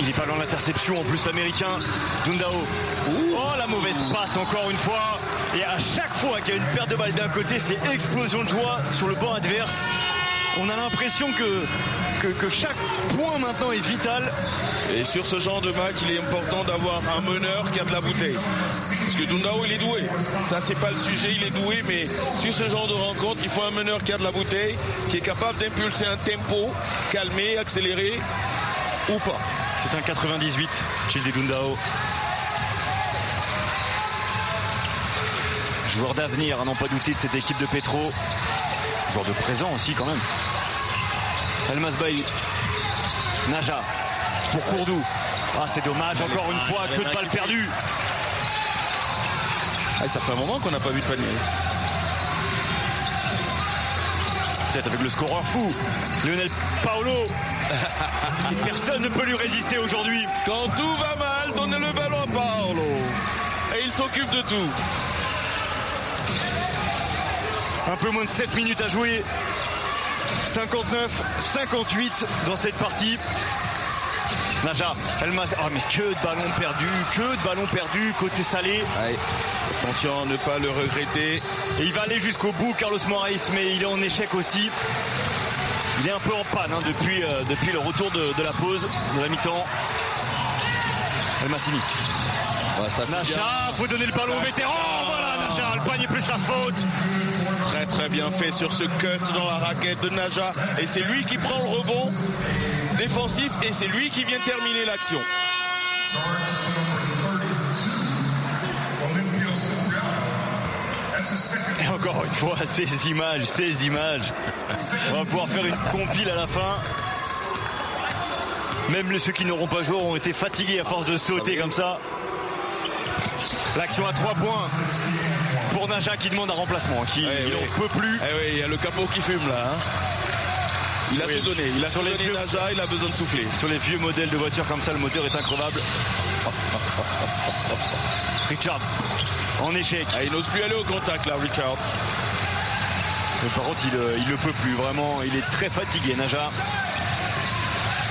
Il est pas loin l'interception en plus américain Dundao. Oh la mauvaise passe encore une fois. Et à chaque fois qu'il y a une perte de balle d'un côté, c'est explosion de joie sur le banc adverse. On a l'impression que, que, que, chaque point maintenant est vital. Et sur ce genre de match, il est important d'avoir un meneur qui a de la bouteille. Parce que Dundao, il est doué. Ça, c'est pas le sujet, il est doué, mais sur ce genre de rencontre, il faut un meneur qui a de la bouteille, qui est capable d'impulser un tempo, calmé, accéléré ou pas. C'est un 98, Childi Dundao. Joueur d'avenir, à hein, n'en pas douter de cette équipe de Petro. Joueur de présent aussi quand même. Elmas Bailly. Naja. Pour Courdou. Ah c'est dommage, encore une fois, que de balles perdues. Ah, ça fait un moment qu'on n'a pas vu de panier. avec le scoreur fou, Lionel Paolo. Personne ne peut lui résister aujourd'hui. Quand tout va mal, donnez le ballon à Paolo. Et il s'occupe de tout. Un peu moins de 7 minutes à jouer. 59-58 dans cette partie. Naja, elle ah, mais que de ballons perdus, que de ballons perdus côté salé. Attention ne pas le regretter. il va aller jusqu'au bout, Carlos Moraes, mais il est en échec aussi. Il est un peu en panne hein, euh, depuis, le retour de, la pause, de la mi-temps. El Massini. signé. Naja, faut donner le ballon au vétéran. Voilà, Nacha, Alpagne est plus sa faute. Très très bien fait sur ce cut dans la raquette de Naja. Et c'est lui qui prend le rebond défensif et c'est lui qui vient terminer l'action. Et encore une fois, ces images, ces images. On va pouvoir faire une compile à la fin. Même ceux qui n'auront pas joué ont été fatigués à force de sauter comme ça. L'action à 3 points pour Naja qui demande un remplacement, qui eh n'en peut plus. Eh oui, il y a le capot qui fume là. Hein. Il a tout donné. Il a Sur les vieux... il a besoin de souffler. Sur les vieux modèles de voitures comme ça, le moteur est incroyable. Richards en échec. Ah, il n'ose plus aller au contact là, Richard. Mais par contre, il, ne euh, le peut plus, vraiment. Il est très fatigué, Naja.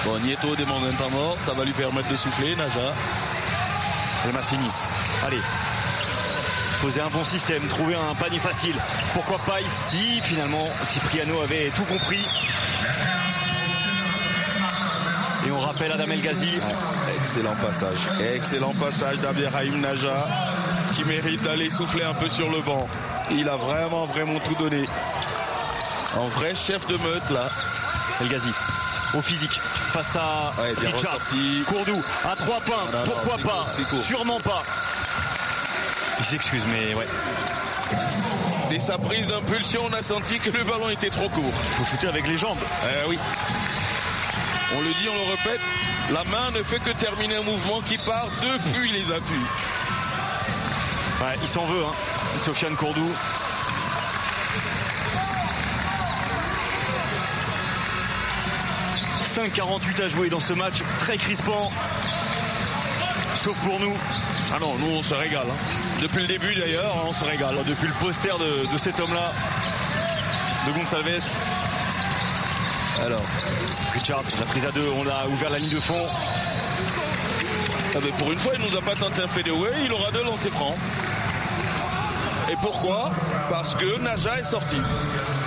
Bon, Nieto demande un temps mort, ça va lui permettre de souffler, Naja. et Massini. Allez. Poser un bon système, trouver un panier facile. Pourquoi pas ici, finalement, Cipriano avait tout compris. Et on rappelle Adam El Ghazi. Excellent passage. Excellent passage d'Abderrahim Naja qui mérite d'aller souffler un peu sur le banc. Il a vraiment, vraiment tout donné. En vrai chef de meute là. El Ghazi au physique face à ouais, Richard Courdou à trois points pourquoi pas sûrement pas il s'excuse mais ouais dès sa prise d'impulsion on a senti que le ballon était trop court il faut shooter avec les jambes eh oui on le dit on le répète la main ne fait que terminer un mouvement qui part depuis les appuis il s'en veut, hein. Sofiane Courdou. « 48 à jouer dans ce match très crispant. Sauf pour nous. Ah non, nous on se régale. Hein. Depuis le début d'ailleurs, on se régale. Oh, depuis le poster de, cet homme-là, de Gonçalves. Alors, Richard, la prise à deux, on a ouvert la ligne de fond. Ah, pour une fois, il nous a pas tenté un fadeaway, il aura deux lancers francs. Et pourquoi Parce que Naja est sorti.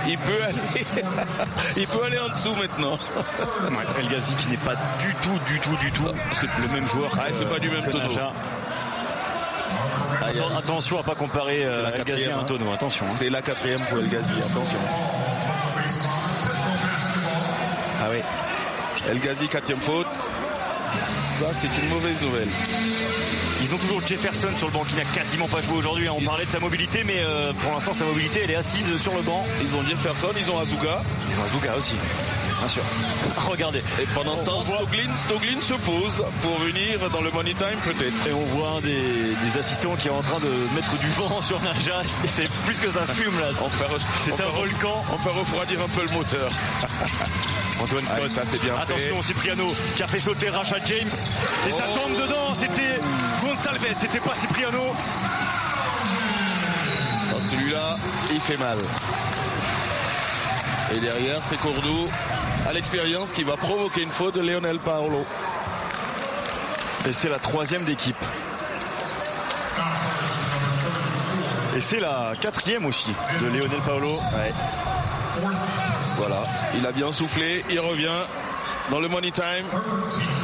Il peut aller, il peut aller en dessous maintenant. El Ghazi qui n'est pas du tout, du tout, du tout. C'est le même joueur. Ah, c'est pas du même tonneau. attention à pas comparer euh, la El Ghazi à hein. Attention. Hein. C'est la quatrième pour El Ghazi. Attention. Ah oui. El Ghazi quatrième faute. Ça, c'est une mauvaise nouvelle. Ils ont toujours Jefferson sur le banc qui n'a quasiment pas joué aujourd'hui. Hein. On parlait de sa mobilité, mais euh, pour l'instant, sa mobilité, elle est assise sur le banc. Ils ont Jefferson, ils ont Azuka. Ils ont Azuka aussi, bien sûr. Regardez. Et pendant ce temps, Stoglin, se pose pour venir dans le money time peut-être. Et on voit un des, assistants qui est en train de mettre du vent sur Naja. c'est plus que ça fume là. C'est un volcan. On fait refroidir un peu le moteur. Antoine Spot, ça, c'est bien Attention, Cipriano qui a fait sauter Rachel James. Et ça tombe oh. dedans. C'était Gonçalves, c'était pas Cipriano. Oh, celui-là, il fait mal. Et derrière, c'est Cordoue à l'expérience qui va provoquer une faute de Lionel Paolo. Et c'est la troisième d'équipe. Et c'est la quatrième aussi de Lionel Paolo. Voilà, il a bien soufflé, il revient dans le Money Time.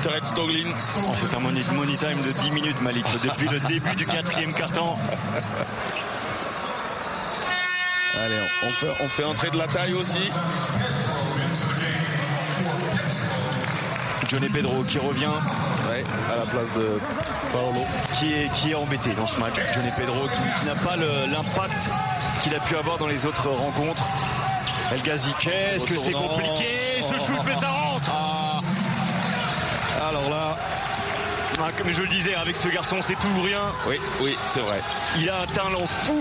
Terence Stoglin. Oh, c'est un money, Time de 10 minutes, Malik, depuis le début du quatrième carton. Allez, on fait, entrer de la taille aussi. Johnny Pedro qui revient. à la place de Paolo. Qui est, qui embêté dans ce match. Johnny Pedro qui n'a pas l'impact qu'il a pu avoir dans les autres rencontres. El Ghazi est-ce que c'est compliqué Ce shoot, mais ça rentre ah. Alors là... Ah, comme je le disais, avec ce garçon, c'est tout ou rien. Oui, oui, c'est vrai. Il a atteint talent fou.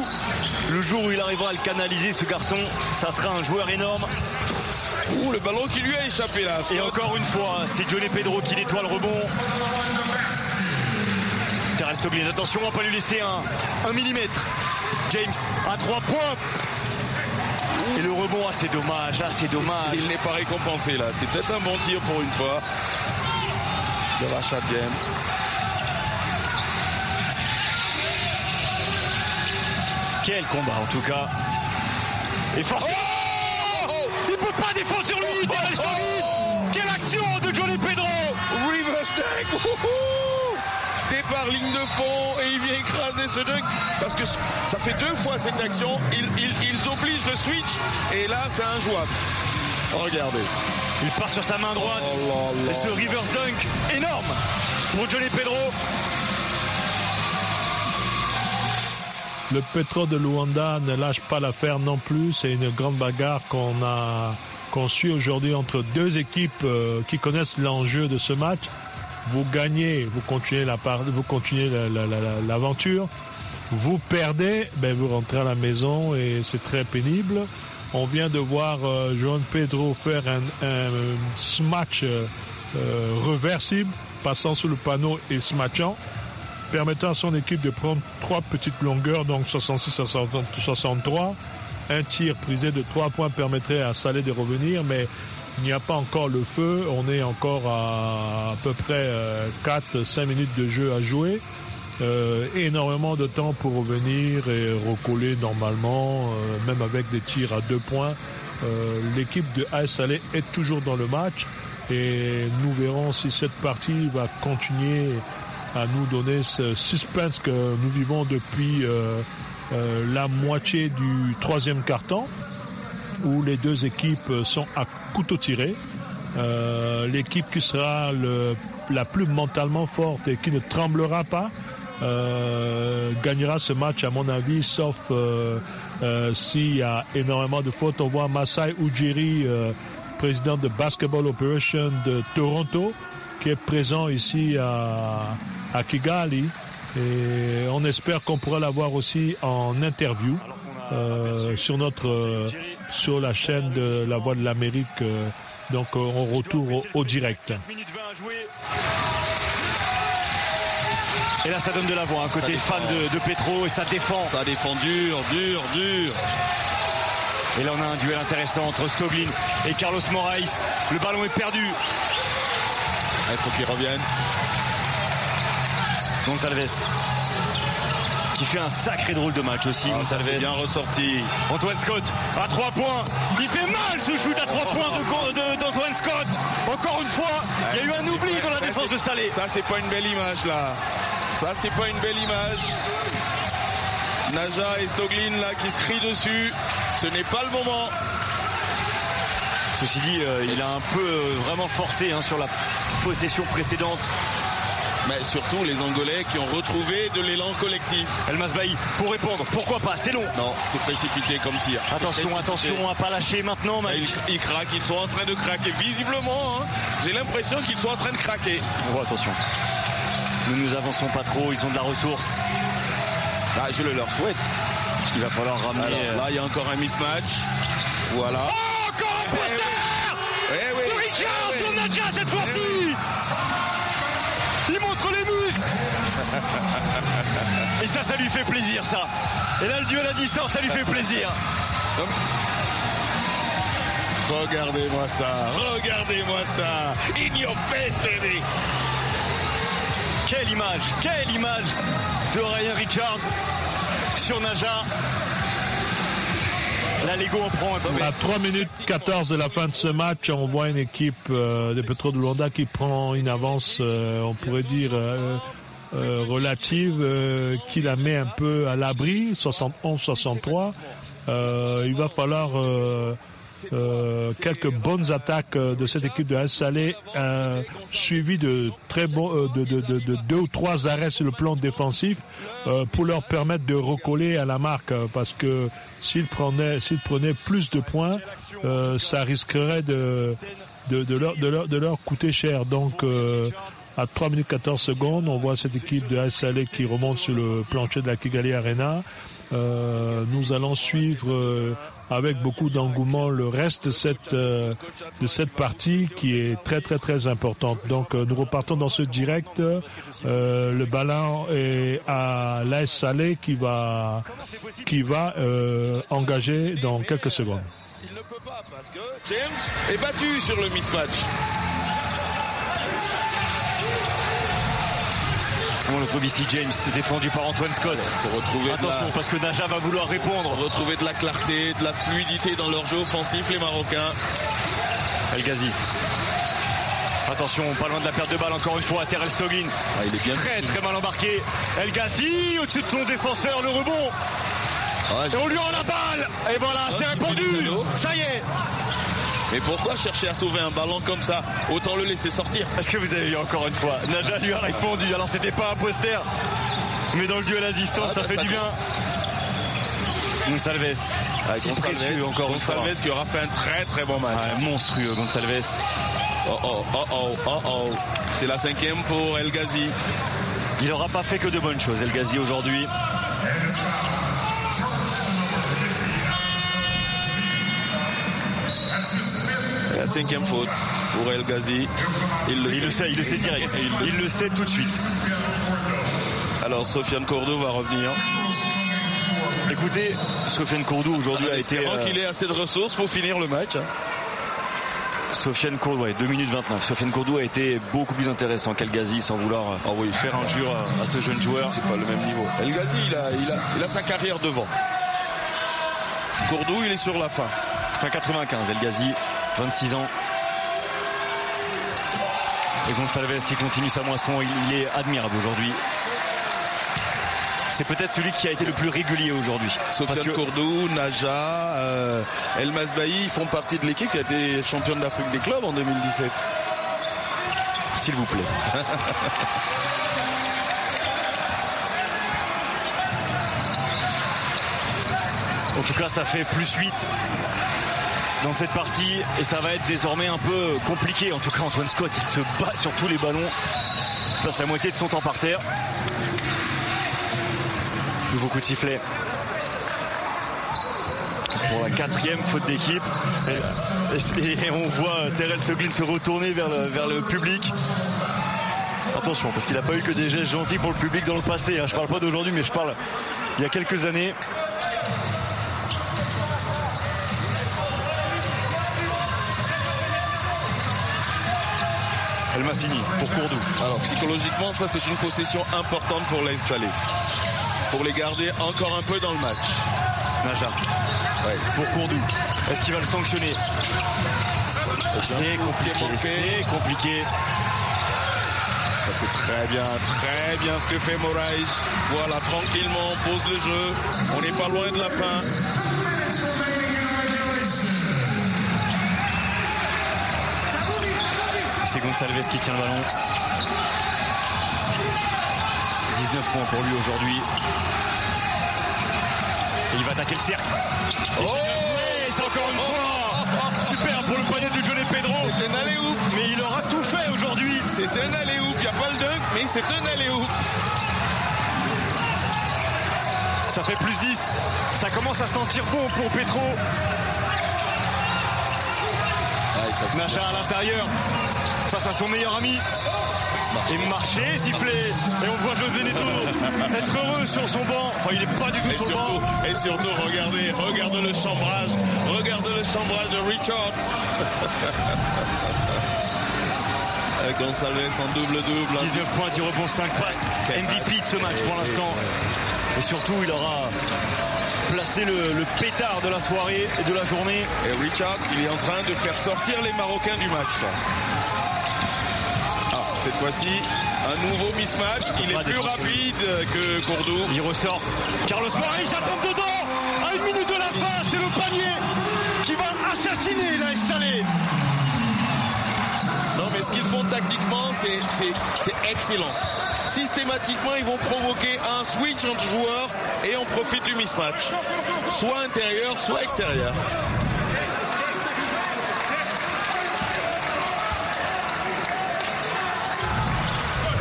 Le jour où il arrivera à le canaliser, ce garçon, ça sera un joueur énorme. Ouh, le ballon qui lui a échappé là. Et encore une fois, c'est Johnny Pedro qui nettoie le rebond. Terrell Stoglin, attention, on va pas lui laisser un, un millimètre. James à trois points. Et le rebond, assez ah, dommage, assez ah, dommage. Il n'est pas récompensé là. c'était un bon tir pour une fois de Rashad James. Quel combat en tout cas. Et forcément, il oh il peut pas défendre sur lui, oh Quelle action de Johnny Pedro. Reverse deck par ligne de fond et il vient écraser ce dunk parce que ça fait deux fois cette action. Ils, obligent le switch et là c'est un injouable. Regardez. Il part sur sa main droite. Oh et ce reverse dunk énorme pour Johnny Pedro. Le Pedro de Luanda ne lâche pas l'affaire non plus. C'est une grande bagarre qu'on a suit aujourd'hui entre deux équipes euh, qui connaissent l'enjeu de ce match vous gagnez, vous continuez la vous continuez l'aventure. vous perdez, ben vous rentrez à la maison et c'est très pénible. On vient de voir euh, Joan Pedro faire un, smatch smash euh, euh, reversible, passant sous le panneau et smatchant, permettant à son équipe de prendre trois petites longueurs, donc 66 à 63. Un tir prisé de trois points permettrait à Salé de revenir, mais il n'y a pas encore le feu. On est encore à à peu près 4-5 euh, minutes de jeu à jouer. Euh, énormément de temps pour revenir et recoller normalement, euh, même avec des tirs à deux points. L'équipe de AS Salé est toujours dans le match et nous verrons si cette partie va continuer à nous donner ce suspense que nous vivons depuis la moitié du troisième carton où les deux équipes sont à couteau tiré. Euh, l'équipe qui sera le, la plus mentalement forte et qui ne tremblera pas euh, gagnera ce match à mon avis, sauf euh, s'il y a énormément de fautes. On voit Masai Ujiri, président de Basketball Operation de Toronto, qui est présent ici à, à Kigali. Et on espère qu'on pourra l'avoir aussi en interview euh, sur notre euh, sur la chaîne de la Voix de l'Amérique. Euh, donc on retourne au, direct. Et là ça donne de la voix, à côté fan de, de Petro et ça défend. Ça défend dur, dur, dur. Et là on a un duel intéressant entre Stoglin et Carlos Moraes. Le ballon est perdu. Il faut qu'il revienne. Gonçalves qui fait un sacré drôle de match aussi. Ah, bien ressorti. Antoine Scott à 3 points. Il fait mal ce shoot à 3 points d'Antoine de, Scott. Encore une fois, il y a eu un oubli dans la défense de Salé. Ça, c'est pas une belle image là. Ça, c'est pas une belle image. Naja et Stoglin là qui se crient dessus. Ce n'est pas le moment. Ceci dit, euh, il a un peu euh, vraiment forcé hein, sur la possession précédente mais surtout les Angolais qui ont retrouvé de l'élan collectif. El Masbahi pour répondre, pourquoi pas, c'est long. Non, c'est précipité comme tir. Attention, attention à pas lâcher maintenant. Bah, Maïk. Ils, craquent, ils sont en train de craquer. Visiblement, hein, j'ai l'impression qu'ils sont en train de craquer. bon attention, nous nous avançons pas trop, ils ont de la ressource. Bah, je le leur souhaite. Il va falloir ramener. Euh, là, il y a encore un mismatch. Voilà. Oh, encore un eh poster eh oui. on cette fois-ci Et ça, ça lui fait plaisir, ça. Et là, le duel à distance, ça lui fait plaisir. Regardez-moi ça, regardez-moi ça. In your face, baby. Quelle image, quelle image de Ryan Richards sur Naja. La Lego en prend un peu. À 3 minutes 14 de la fin de ce match, on voit une équipe euh, de Petro de Luanda qui prend une avance, euh, on pourrait dire, euh, euh, relative euh, qui la met un peu à l'abri, 71-63. Euh, il va falloir quelques bonnes attaques de cette équipe de Al-Saleh, suivies de très de, deux ou trois arrêts sur le plan défensif pour leur permettre de recoller à la marque, parce que s'ils prenaient, s'ils prenaient plus de points, ça risquerait de de, leur, de, leur, de leur coûter cher. Donc euh, à 3 minutes 14 secondes, on voit cette équipe de Salé qui remonte sur le plancher de la Kigali Arena. Euh, nous allons suivre euh, avec beaucoup d'engouement le reste de cette, euh, de cette partie qui est très très très importante. Donc nous repartons dans ce direct. le ballon est à l'AS Salé qui va, qui va engager dans quelques secondes. James est battu sur le mismatch. On le trouve ici James, c'est défendu par Antoine Scott. retrouver Attention parce que Naja va vouloir répondre. Retrouver de la clarté, de la fluidité dans leur jeu offensif les Marocains. El Ghazi. Attention, pas loin de la perte de balle encore une fois à Terre ah, bien très très mal embarqué. El Ghazi au-dessus de son défenseur, le rebond. Ah, et on lui rend la balle. Et voilà, ah, c'est répondu. Ça y est. Mais pourquoi chercher à sauver un ballon comme ça Autant le laisser sortir. Est-ce que vous avez vu encore une fois Naja lui a répondu. Alors c'était pas un poster, mais dans le duel à distance, ah, ça bah, fait du bien. Gonsalves, ah, si encore Gonsalves qui aura fait un très très bon match. monstrueux Gonsalves. Oh oh oh oh oh oh. C'est la cinquième pour El Ghazi. Il n'aura pas fait que de bonnes choses El Ghazi aujourd'hui. la cinquième faute pour El Ghazi. Il le, sait. il le sait direct. Il, le, sait. tout de suite. Alors Sofiane Cordou va revenir. Écoutez, Sofiane Cordou aujourd'hui a été. Euh, qu'il ait assez de ressources pour finir le match. Sofiane Cordou, 2 minutes 29. Sofiane Cordou a été beaucoup plus intéressant Ghazi sans vouloir envoyer euh, ah faire injure à, à ce jeune joueur. C'est pas le même niveau. El il a, il, a, sa carrière devant. Cordou, il est sur la fin. Fin 95, Ghazi 26 ans. Et Gonçalves qui continue sa moisson, il est admirable aujourd'hui. C'est peut-être celui qui a été le plus régulier aujourd'hui. Sofiane Cordou, Naja, euh, El font partie de l'équipe qui a été championne d'Afrique des clubs en 2017. S'il vous plaît. en tout cas, ça fait plus 8 dans cette partie et ça va être désormais un peu compliqué. En tout cas, Antoine Scott, il se bat sur tous les ballons, il passe la moitié de son temps par terre. Nouveau coup de sifflet pour la quatrième faute d'équipe. Et, on voit Terrell Soglin se retourner vers vers le public. Attention, parce qu'il n'a pas eu que des gestes gentils pour le public dans le passé. Hein. Je parle pas d'aujourd'hui, mais je parle il y a quelques années. El Massini pour Courdou. Alors psychologiquement, ça c'est une possession importante pour l'installer. Pour les garder encore un peu dans le match. Naja. Pour Courdou. Est-ce qu'il va le sanctionner C'est compliqué. C'est compliqué. c'est très bien, très bien ce que fait Moraes. Voilà, tranquillement, on pose le jeu. On n'est pas loin de la fin. c'est Gonçalves qui tient le ballon. 19 points pour lui aujourd'hui. Et il va attaquer le cercle. Oh c'est encore une fois oh super pour le poignet du jeune Pedro. C'est un aller -oop. Mais il aura tout fait aujourd'hui. C'est un aller -oop. Il n'y a pas le dunk, mais c'est un aller -oop. Ça fait plus 10. Ça commence à sentir bon pour Pedro. Ah, Nacha à l'intérieur face à son meilleur ami. Et marcher, plaît Et on voit José Neto être heureux sur son banc. Enfin, il n'est pas du tout sur surtout, banc. Et surtout, regardez, regarde le chambrage. Regarde le chambrage de Richards. González en double-double. 19 hein. points, il rebond, 5 passes. MVP de ce match pour l'instant. Et surtout, il aura placé le, pétard de la soirée et de la journée. Et Richard, il est en train de faire sortir les Marocains du match cette fois-ci. Un nouveau mismatch. Il est plus rapide que Gourdou. Il ressort. Carlos Moraes attend dedans. À une minute de la fin, c'est le panier qui va assassiner la Salé. E. Non, mais ce qu'ils font tactiquement, c'est excellent. Systématiquement, ils vont provoquer un switch entre joueurs et on profite du mismatch. Soit intérieur, soit extérieur.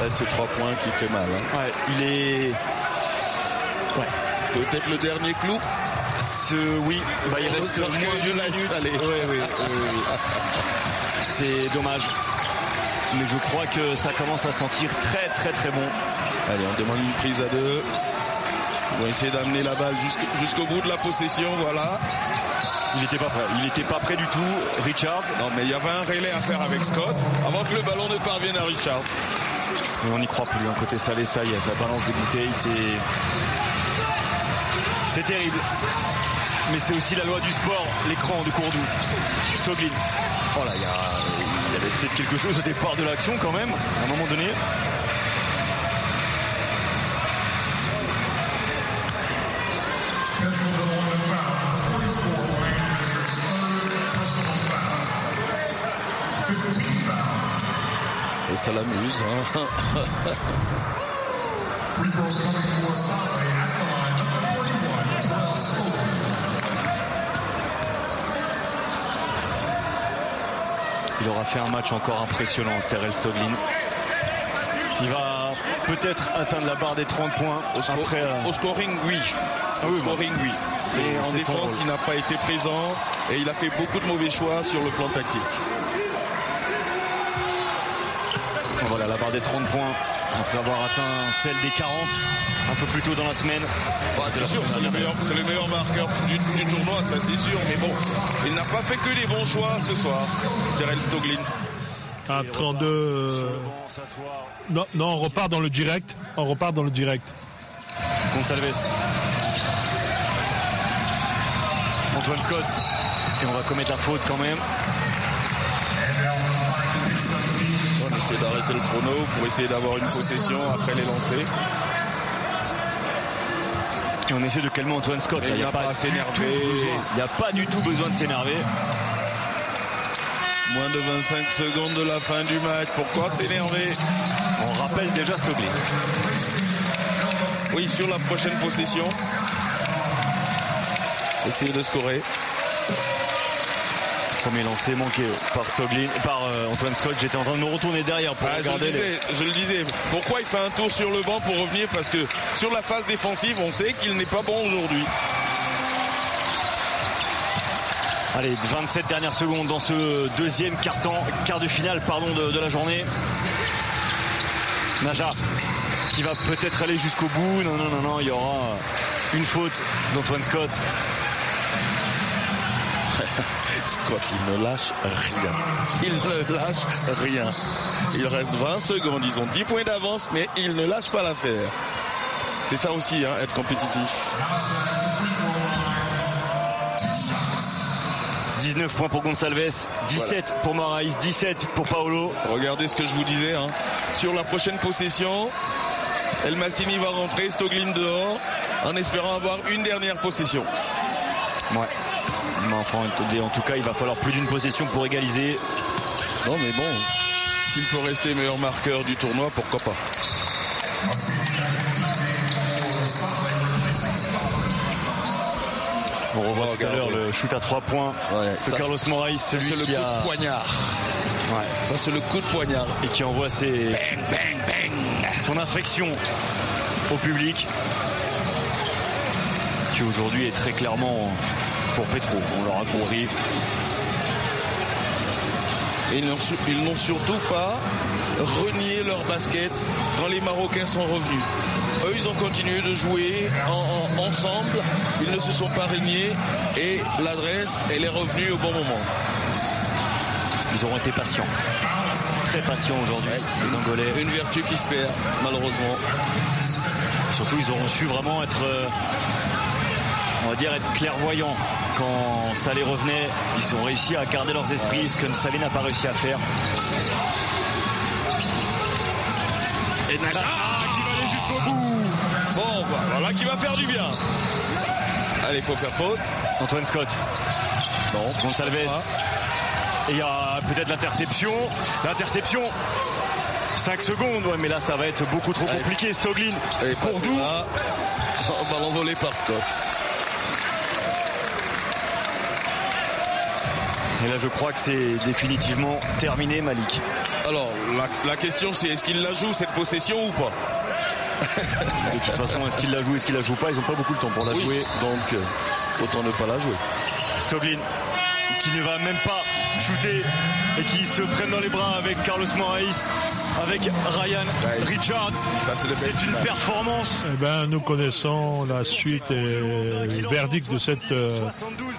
ce 3 points qui fait mal. Hein. Ouais, il est. Ouais. Peut-être le dernier clou. Ce... Oui, bah, il reste moins Oui, oui, C'est dommage. Mais je crois que ça commence à sentir très très très bon. Allez, on demande une prise à deux. On va essayer d'amener la balle jusqu'au bout de la possession, voilà. Il n'était pas prêt. Il n'était pas prêt du tout, Richard. Non, mais il y avait un relais à faire avec Scott avant que le ballon ne parvienne à Richard. Mais on n'y croit plus. Un hein. côté salé, ça y est, ça balance des bouteilles. C'est. C'est terrible. Mais c'est aussi la loi du sport, l'écran de Courdou. Stoglin. Oh là, il y avait peut-être quelque chose au départ de l'action quand même, à un moment donné. ça l'amuse. Hein. Il aura fait un match encore impressionnant, Terrell Stoglin. Il va peut-être atteindre la barre des 30 points. Euh, au, scoring, oui. Ah au scoring, oui. en défense, il n'a pas été présent et il a fait beaucoup de mauvais choix sur le plan tactique. à part des 30 points après avoir atteint celle des 40 un peu plus tôt dans la semaine. c'est sûr, c'est le, meilleur marqueur du, tournoi, ça c'est sûr. Mais bon, il n'a pas fait que les bons choix ce soir, Terrell Stoglin. À ah, 32. Euh, non, non, on repart dans le direct. On repart dans le direct. Gonsalves. Antoine Scott. Et on va commettre la faute quand même. d'arrêter le chrono, pour essayer d'avoir une possession après les lancers. Et on essaie de calmer Antoine Scott. il n'y a, pas, à s'énerver. Il pas du tout besoin de s'énerver. Moins de 25 secondes de la fin du match. Pourquoi s'énerver On rappelle déjà ce Sobli. Oui, sur la prochaine possession. Essayer de scorer. Premier lancé manqué par Stoglin, par euh, Antoine Scott. J'étais en train de me retourner derrière pour ah, regarder. Je le, disais, Pourquoi il fait un tour sur le banc pour revenir Parce que sur la phase défensive, on sait qu'il n'est pas bon aujourd'hui. Allez, 27 dernières secondes dans ce deuxième quart, quart de finale pardon, de, de la journée. Naja qui va peut-être aller jusqu'au bout. Non, non, non, non, il y aura une faute d'Antoine Scott Scott, il ne lâche rien. Il ne lâche rien. Il reste 20 secondes, ils ont 10 points d'avance, mais il ne lâche pas l'affaire. C'est ça aussi, hein, être compétitif. 19 points pour Gonsalves, 17 pour Moraes, 17 pour Paolo. Regardez ce que je vous disais. Hein. Sur la prochaine possession, El Massini va rentrer, Stoglin dehors, en espérant avoir une dernière possession. Ouais. En tout cas, il va falloir plus d'une possession pour égaliser. Non, mais bon, s'il peut rester meilleur marqueur du tournoi, pourquoi pas on revoit tout à l'heure le shoot à trois points Carlos Moraes, celui le coup de poignard. Ça c'est le coup de poignard et qui envoie ses son infection au public qui aujourd'hui est très clairement pour Petro. On leur a couru. Ils n'ont surtout pas renié leur basket quand les Marocains sont revenus. Eux, ils ont continué de jouer ensemble. Ils ne se sont pas régnés et l'adresse, elle est revenue au bon moment. Ils auront été patients. Très patients aujourd'hui, les Angolais. Une vertu qui se perd, malheureusement. Surtout, ils auront su vraiment être, euh, on va dire, être clairvoyants quand Salé revenait, ils ont réussi à garder leurs esprits, ce que Salé n'a pas réussi à faire. Et ah, qui va aller jusqu'au bout. Bon, voilà qui va faire du bien. Allez, il faut faire faute. Antoine Scott. Bon, Gonsalves. Et il y a peut-être l'interception. L'interception. 5 secondes, mais là ça va être beaucoup trop compliqué. Stoglin, pour On Ballon volé par Scott. Et là, je crois que c'est définitivement terminé, Malik. Alors, la, question, c'est est-ce qu'il la joue cette possession ou pas De toute façon, est-ce qu'il la joue, est-ce qu'il la joue pas Ils n'ont pas beaucoup de temps pour la jouer, donc autant ne pas la jouer. Stoglin, qui ne va même pas shooter et qui se prennent dans les bras avec Carlos Moraes, avec Ryan Richards. C'est une performance. Eh ben, nous connaissons la suite et le verdict de cette euh,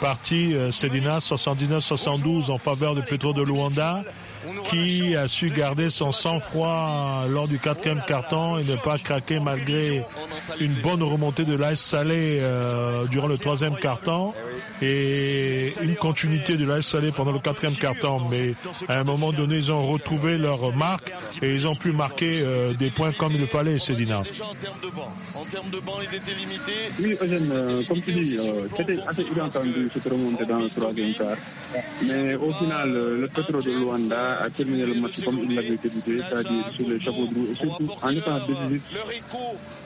partie. Euh, Cédina 79-72 en faveur de Petro de Luanda qui a su garder son sang-froid lors du quatrième carton et ne pas craquer malgré une bonne remontée de l'AS Salé euh, durant le troisième carton et une continuité de l'AS Salé pendant le quatrième carton. Mais à un moment donné, ils ont retrouvé leur marque et ils ont pu marquer euh, des points comme il fallait, Cédina. En Oui, Eugène, euh, comme tu dis, c'était assez dans le troisième Mais au final, le de Luanda à, terminer le match comme il l'avait dit, c'est-à-dire sur les chapeaux de roue et surtout en étant décisif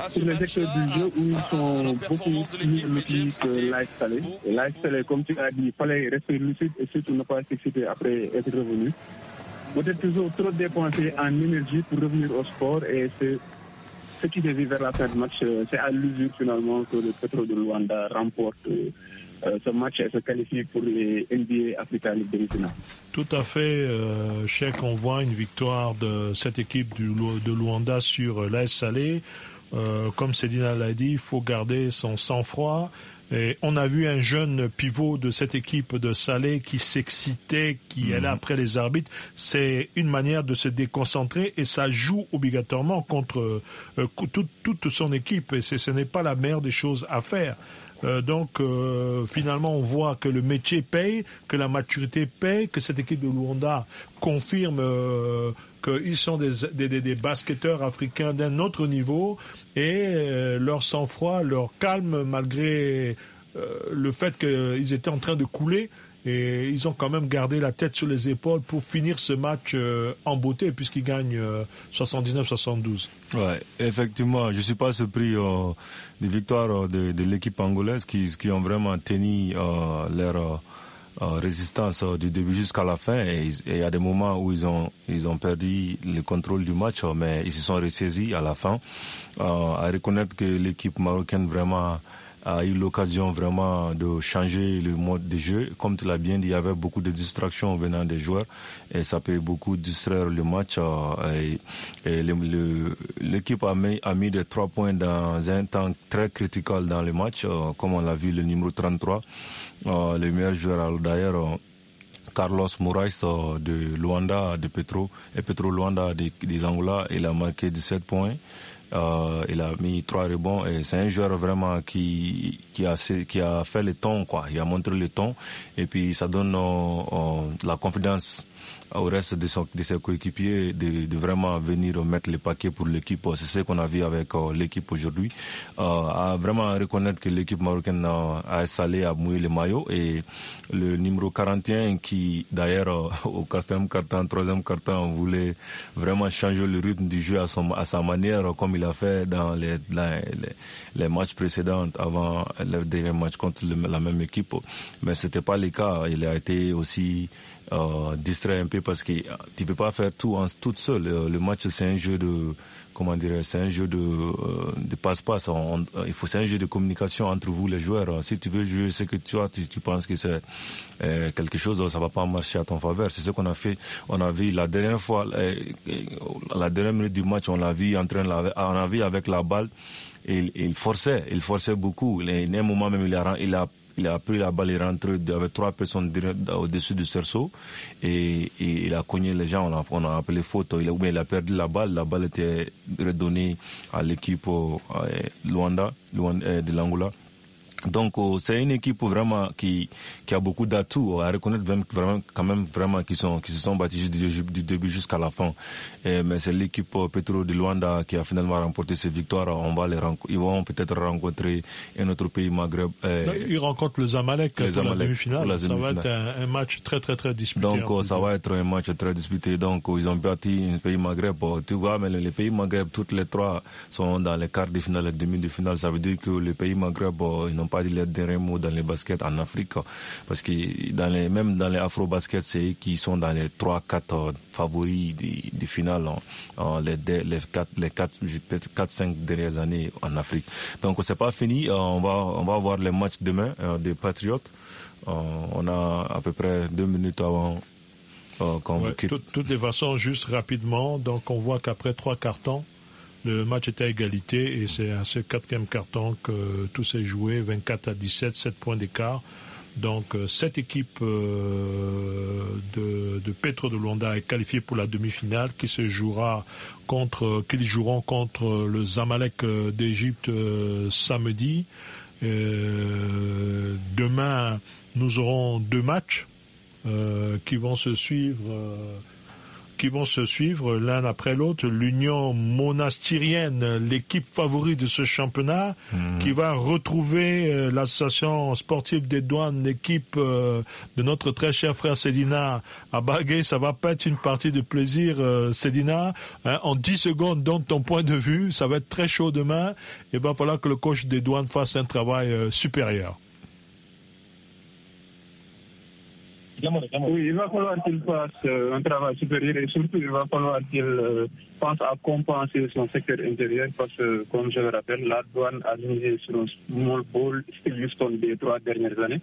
sur les secteurs du jeu où ils sont beaucoup plus lucides que l'Aïs Et comme tu as dit, il fallait rester lucide et surtout ne pas s'exciter après être revenu. Vous êtes toujours trop dépensé en énergie pour revenir au sport et c'est ce qui dévie vers la fin du match. C'est à l'usure finalement que le pétrole de Luanda remporte. Euh, ce match est se pour les NBA Africa League Tout à fait, euh, Cheikh, on voit une victoire de cette équipe du, de Luanda sur euh, l'AS Salé. Euh, comme Cédina l'a dit, il faut garder son sang-froid. Et on a vu un jeune pivot de cette équipe de Salé qui s'excitait, qui allait mhm. après les arbitres. C'est une manière de se déconcentrer et ça joue obligatoirement contre toute, toute son équipe. Et ce n'est pas la meilleure des choses à faire. Euh, donc euh, finalement, on voit que le métier paye, que la maturité paye, que cette équipe de Luanda confirme euh, qu'ils sont des, des, basketteurs africains d'un autre niveau et leur sang-froid, leur calme malgré le fait qu'ils étaient en train de couler et ils ont quand même gardé la tête sur les épaules pour finir ce match euh, en beauté puisqu'ils gagnent 79-72. Euh, ouais, effectivement, je ne suis pas surpris euh, des victoires de, de l'équipe angolaise qui, qui ont vraiment tenu leur résistance du début jusqu'à la fin. Et il y a des moments où ils ont ils ont perdu le contrôle du match, mais ils se sont ressaisis à la fin à reconnaître que l'équipe marocaine vraiment a eu l'occasion vraiment de changer le mode de jeu. Comme tu l'as bien dit, il y avait beaucoup de distractions venant des joueurs et ça peut beaucoup distraire le match. Euh, et, l'équipe a mis, a mis des trois points dans un temps très critical dans le match, euh, comme on l'a vu le numéro 33, euh, le meilleur joueur d'ailleurs. Carlos Moraes de Luanda, de Petro, et Petro Luanda des Angolas Angola, il a marqué 17 points. Euh, il a mis trois rebonds et c'est un joueur vraiment qui qui a fait le ton quoi. Il a montré le ton et puis ça donne euh, euh, la confiance au reste de, de ses coéquipiers de, de, vraiment venir mettre les paquets pour l'équipe. Euh, c'est ce qu'on a vu avec euh, l'équipe aujourd'hui. Euh, à vraiment reconnaître que l'équipe marocaine a salé, a mouillé les maillots et le numéro 41 qui d'ailleurs au quatrième carton, troisième carton voulait vraiment changer le rythme du jeu à, sa manière comme il a fait dans les, les, matchs précédents avant le dernier match contre la même équipe. Mais c'était pas le cas. Il a été aussi euh, distrait un peu parce que euh, tu peux pas faire tout en toute seule. Euh, le match c'est un jeu de comment dire, c'est un jeu de euh, passe-passe. Il faut c'est un jeu de communication entre vous les joueurs. Si tu veux jouer ce que tu as, tu, penses que c'est quelque chose, ça va pas marcher à ton faveur. C'est ce qu'on a fait. On a vu la dernière fois, la dernière minute du match, on l'a vu en train, on a avec la balle. Il, il forçait, il forçait beaucoup. Il, moment même, a, il a il a pris la balle, il est rentré avec trois personnes au-dessus du cerceau et, il a cogné les gens, on a, on a appelé faute, il a, il a perdu la balle, la balle était redonnée à l'équipe euh, Luanda, euh, de l'Angola donc euh, c'est une équipe vraiment qui qui a beaucoup d'atouts à reconnaître vraiment quand même vraiment qui sont qui se sont battus du, début jusqu'à la fin. Et, mais c'est l'équipe euh, Petro de Luanda qui a finalement remporté cette victoire. On va les ils vont peut-être rencontrer un autre pays Maghreb. Euh, ils rencontrent le Zamalek les pour, demi-finale. Ça va être un, match très très très disputé. Donc euh, ça va être un match très disputé. Donc ils ont battu un pays Maghreb. Tu vois mais les pays Maghreb toutes les trois sont dans les quarts de finale et demi de finale. Ça veut dire que les pays Maghreb pas dire les dernier mot dans les baskets en Afrique. Parce que dans les, même dans les afro-baskets, c'est qui sont dans les 3-4 euh, favoris du, final, hein, euh, les, les, 4, les 4, 5 dernières années en Afrique. Donc c'est pas fini, euh, on va, on va avoir les matchs demain des Patriotes. on a à peu près deux minutes avant qu'on De Toutes les façons, juste rapidement, donc on voit qu'après trois cartons, le match est à égalité et c'est à ce quatrième carton que tout s'est joué, 24 à 17, 7 points d'écart. Donc cette euh, équipe euh, de, de Petro de Luanda est qualifiée pour la demi-finale qui se jouera contre euh, qu'ils joueront contre le Zamalek d'Égypte samedi. demain, nous aurons deux matchs qui vont se suivre qui vont se suivre l'un après l'autre. L'Union monastirienne, l'équipe favorite de ce championnat, hmm. qui va retrouver euh, l'association sportive des douanes, l'équipe euh, de notre très cher frère Sedina à Bagué. Ça va pas être une partie de plaisir, Sedina. Euh, hein. en 10 secondes, donne ton point de vue. Ça va être très chaud demain. Il va falloir que le coach des douanes fasse un travail supérieur. Oui, il va falloir qu'il fasse euh, un travail supérieur et surtout il va falloir qu'il euh, pense à compenser son secteur intérieur parce que, comme je le rappelle, la douane a misé sur un small ball Houston des trois dernières années.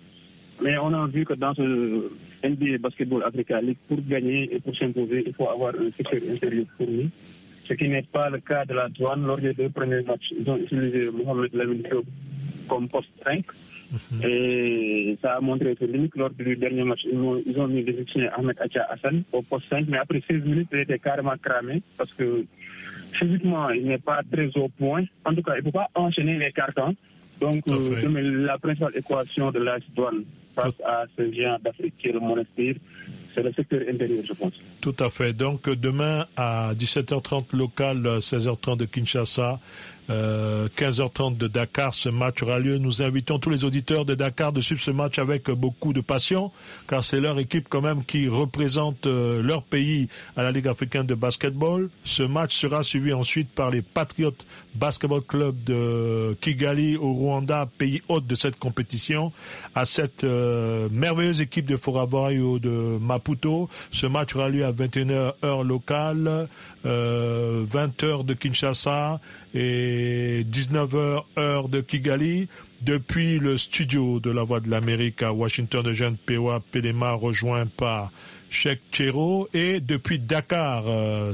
Mais on a vu que dans ce NBA Basketball africain pour gagner et pour s'imposer, il faut avoir un secteur intérieur pour lui. Ce qui n'est pas le cas de la douane. Lors des deux premiers matchs, ils ont utilisé Mohamed Lamine comme poste 5. Mhm. Et ça a montré que lors du dernier match, ils ont, mis mis Ahmed Acha Hassan au poste 5, mais après 16 minutes, il était carrément cramé parce que physiquement, il n'est pas très au point. En tout cas, il ne peut pas enchaîner les cartons. Donc, euh, la principale équation de la douane face à ce géant d'Afrique qui est le monastère, c'est le secteur intérieur, je pense. Tout à fait. Donc, demain à 17h30 local, 16h30 de Kinshasa, 15h30 euh, de Dakar, ce match aura lieu. Nous invitons tous les auditeurs de Dakar de suivre ce match avec beaucoup de passion, car c'est leur équipe quand même qui représente euh, leur pays à la Ligue africaine de basketball. Ce match sera suivi ensuite par les Patriots Basketball Club de Kigali au Rwanda, pays hôte de cette compétition, à cette euh, merveilleuse équipe de Foravario de Maputo. Ce match aura lieu à 21h heure locale, 20h de Kinshasa et 19h heure de Kigali. Depuis le studio de la Voix de l'Amérique à Washington, Eugène Pewa Pelema rejoint par Cheikh Chero et depuis Dakar, euh,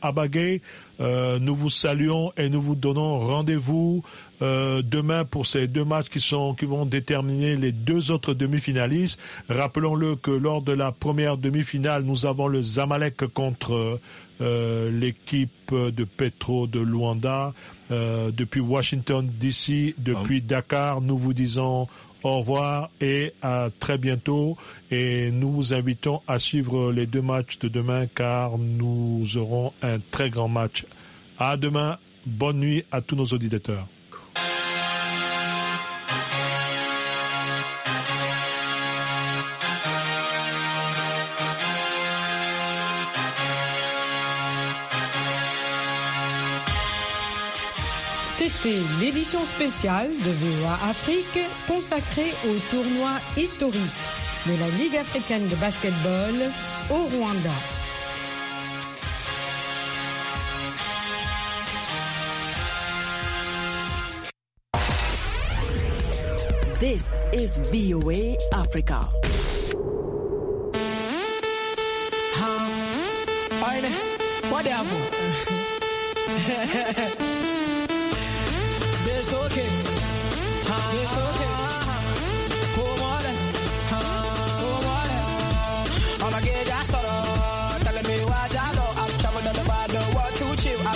Abagé, euh, nous vous saluons et nous vous donnons rendez-vous euh, demain pour ces deux matchs qui sont qui vont déterminer les deux autres demi-finalistes. Rappelons-le que lors de la première demi-finale, nous avons le Zamalek contre euh, euh, l'équipe de Petro de Luanda, euh, depuis Washington DC, depuis ah. Dakar. Nous vous disons au revoir et à très bientôt. Et nous vous invitons à suivre les deux matchs de demain car nous aurons un très grand match. À demain. Bonne nuit à tous nos auditeurs. C'était l'édition spéciale de VOA Afrique consacrée au tournoi historique de la Ligue africaine de basketball au Rwanda. This is VOA Africa.